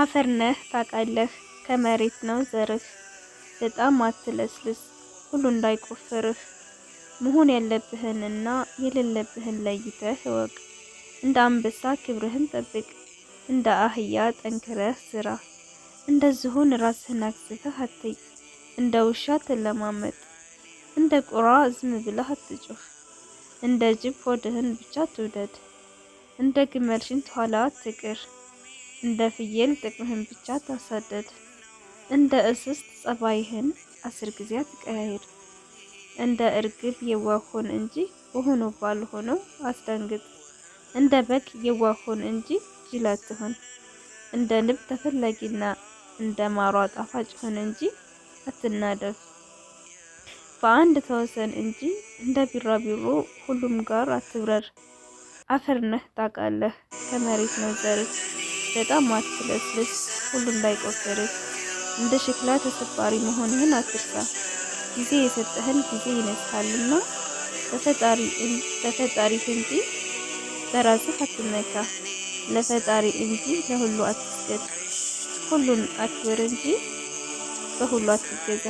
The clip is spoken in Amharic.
አፈር ነህ ታውቃለህ፣ ከመሬት ነው ዘርህ። በጣም አትለስልስ ሁሉ እንዳይቆፍርህ። መሆን ያለብህንና የሌለብህን ለይተህ እወቅ። እንደ አንበሳ ክብርህን ጠብቅ፣ እንደ አህያ ጠንክረህ ስራ። እንደዚሁን ራስህን አክስተህ አትይ። እንደ ውሻ ተለማመጥ፣ እንደ ቁራ ዝም ብለህ አትጩህ። እንደ ጅብ ሆድህን ብቻ ትውደድ፣ እንደ ግመል ሽንት ኋላ ትቅር! እንደ ፍየል ጥቅምህን ብቻ ታሳደድ። እንደ እስስት ጸባይህን አስር ጊዜ አትቀያይር። እንደ እርግብ የዋሆን እንጂ በሆነ ባልሆነው አስደንግጥ። እንደ በግ የዋሆን እንጂ ጅል እንደ ንብ ተፈላጊና እንደ ማሯ ጣፋጭ ሆን እንጂ አትናደፍ። በአንድ ተወሰን እንጂ እንደ ቢራቢሮ ሁሉም ጋር አትብረር። አፈር ነህ ታውቃለህ፣ ከመሬት ነው ዘርህ። በጣም አትለስልስ፣ ሁሉም ላይ ቆፍርህ። እንደ ሸክላ ተሰባሪ መሆንህን አትርሳ። ጊዜ የሰጠህን ጊዜ ይነሳልና ለፈጣሪ እንጂ በራስህ አትመካ። ለፈጣሪ እንጂ ለሁሉ አትስገድ። ሁሉን አክብር እንጂ በሁሉ አትገዛ።